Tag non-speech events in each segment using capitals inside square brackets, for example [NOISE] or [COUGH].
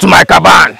to my caban.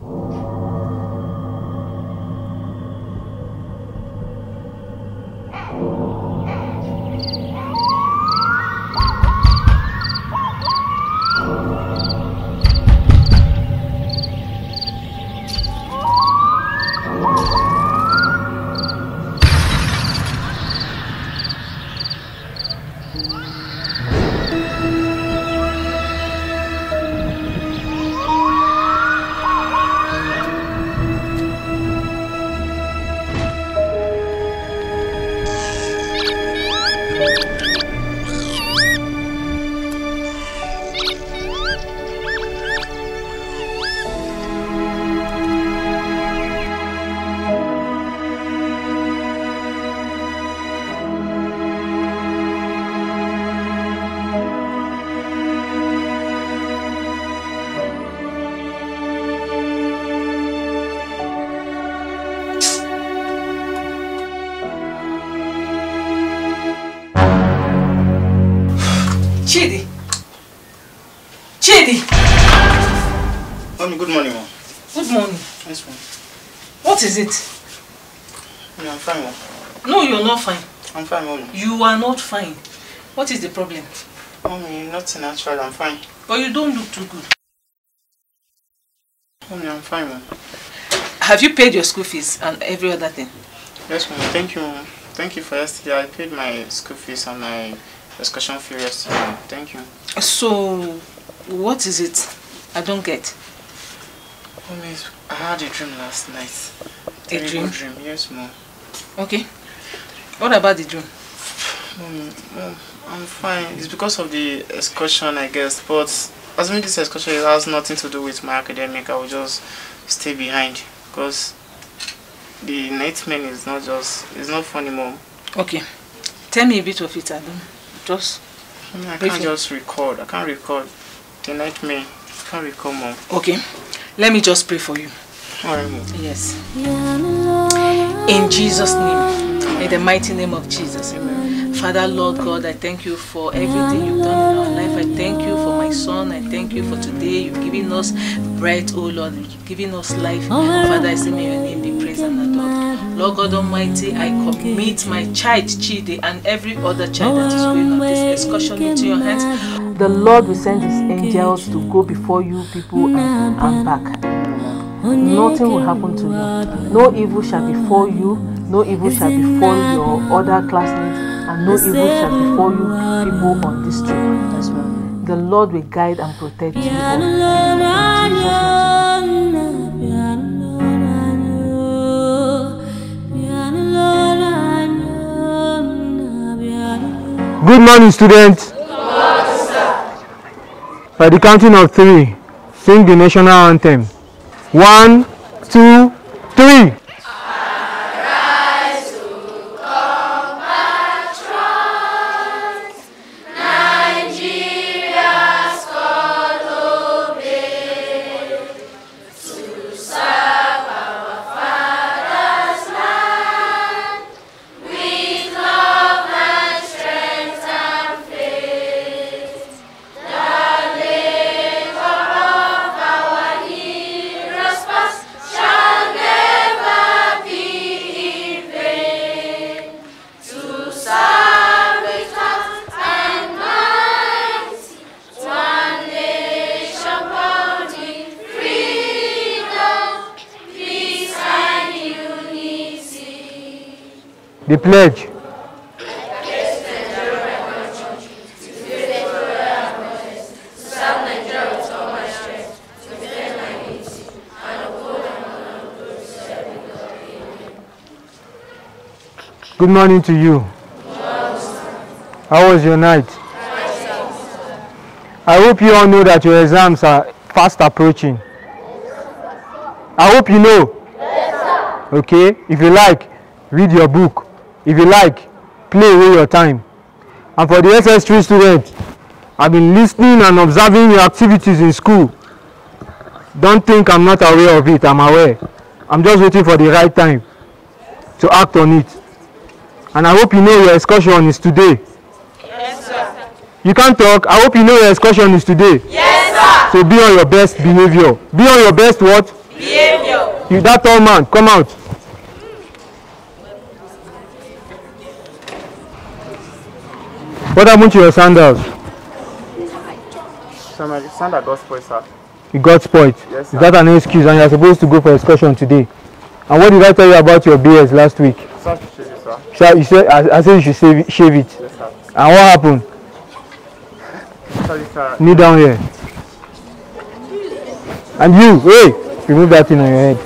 Thank you. Chidi! Mommy, good morning, mom. Good morning. Yes, mom. What is it? No, I'm fine, mom. No, you're not fine. I'm fine, mom. You are not fine. What is the problem? Mommy, nothing natural. I'm fine. But you don't look too good. Mommy, I'm fine, mom. Have you paid your school fees and every other thing? Yes, mom. Thank you, mom. Thank you for yesterday. I paid my school fees and my excursion fee yesterday. Thank you. So, What is it? I don't get. Mommy, I had a dream last night. A dream? dream? Yes, mom. Okay. What about the dream? Mommy, mom, I'm fine. It's because of the excursion, I guess. But as assuming this excursion it has nothing to do with my academic, I will just stay behind. Because the nightmare is not just, it's not funny, mom. Okay. Tell me a bit of it, Adam. Just... I, mean, I can't just record. I can't record. a nightmare. It can't be common. Okay. Let me just pray for you. Alright, Yes. In Jesus' name. In the mighty name of Jesus. Amen. Father, Lord God, I thank you for everything you've done in our life. I thank you for my son. I thank you for today. You've given us breath, oh Lord. You've given us life. Father, I say may your name be praised and adored. Lord God Almighty, I commit my child, Chidi, and every other child that is going on this excursion into your hands. The Lord will send his angels to go before you people and, and back. Nothing will happen to you. No evil shall befall you. No evil shall befall your other classmates. And no evil shall befall you people on this trip as well. The Lord will guide and protect you Good morning, students. By the counting of three, sing the national anthem. One, two, three. The pledge. Good morning to you. How was your night? I hope you all know that your exams are fast approaching. I hope you know. Okay? If you like, read your book. if you like play away your time and for the SS3 student, I've been listening and observing your activities in school don't think I'm not aware of it I'm aware I'm just waiting for the right time to act on it and I hope you know your excursion is today yes sir you can't talk I hope you know your excursion is today yes sir so be on your best behavior be on your best what behavior you that tall man come out What happened to your sandals? Somebody, uh, sandal got spoiled, sir. You got spoiled? Yes, sir. Is that an excuse? And you're supposed to go for excursion today. And what did I tell you about your beards last week? Sir, shave it, sir. Sir, you said, I, I said you should shave it. Shave it. Yes, sir. And what happened? Sorry, sir. Knee down here. And you, hey, remove that thing on your head.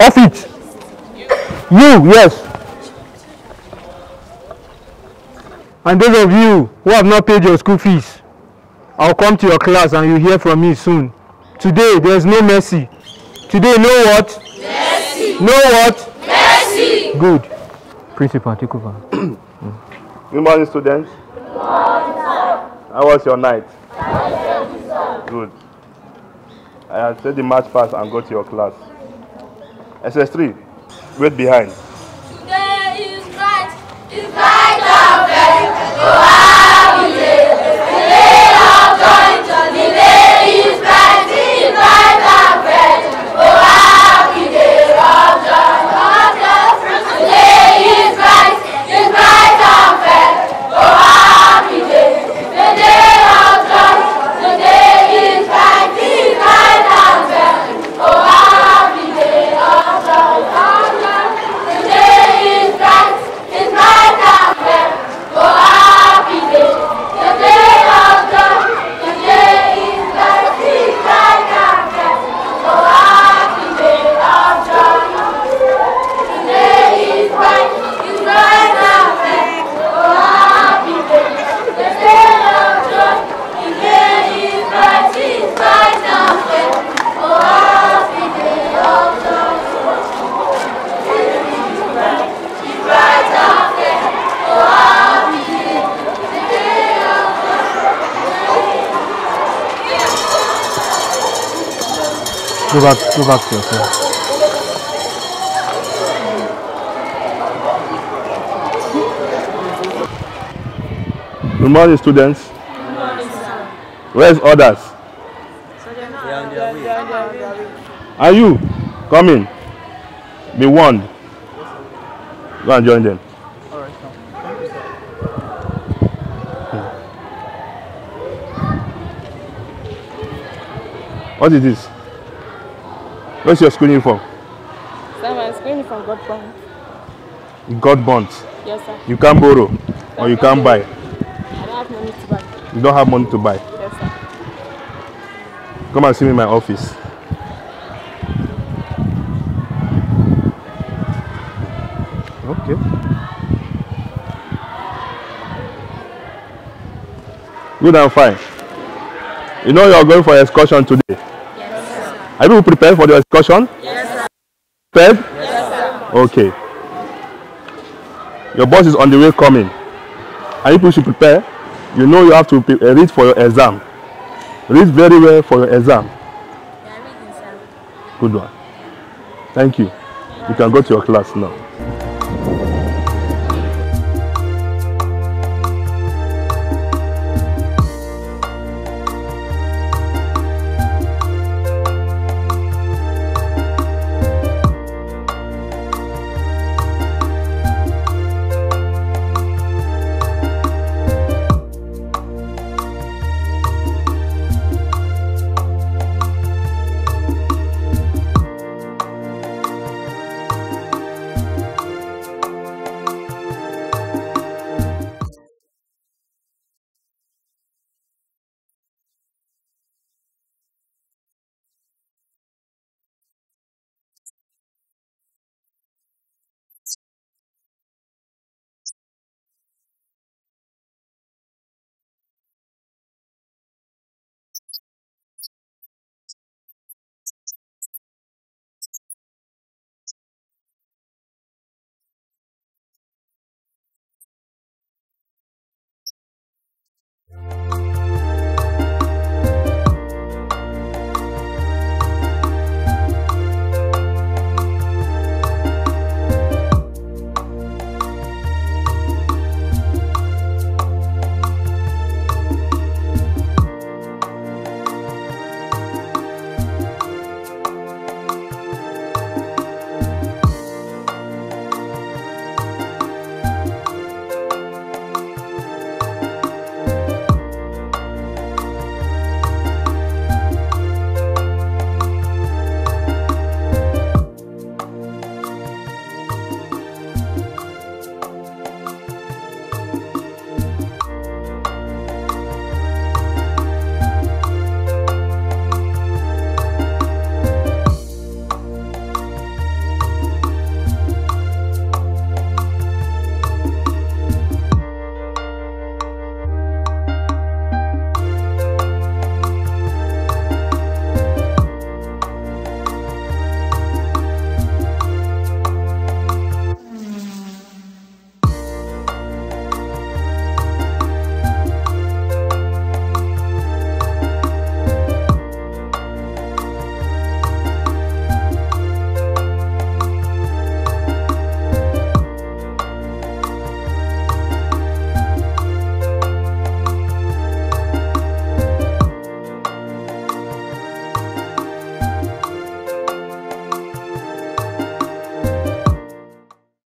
Off it. You, you yes. And those of you who have not paid your school fees, I'll come to your class and you'll hear from me soon. Today, there's no mercy. Today, no what? Mercy. No what? Mercy. Good. Principal, take [CLEARS THROAT] over. Mm. Good morning, students. Good morning, How was your night? Good. I have said the match pass and go to your class. SS3, wait behind. Today is bright. It's bright Wow! go back go back to your phone. students. sir. Where's others? Are you coming? Be warned. Go and join them. Hmm. What is this? What's your school uniform? Sir, my school uniform got bonds. Got bonds? Yes, sir. You can't borrow sir, or you can't buy? I don't have money to buy. You don't have money to buy? Yes, sir. Come and see me in my office. Okay. Good and fine. You know you are going for excursion today. Are you prepared for the excursion? Yes, sir. Prepared? Yes, sir. Okay. Your boss is on the way coming. Are you supposed should prepare? You know you have to uh, read for your exam. Read very well for your exam. Good one. Thank you. You can go to your class now.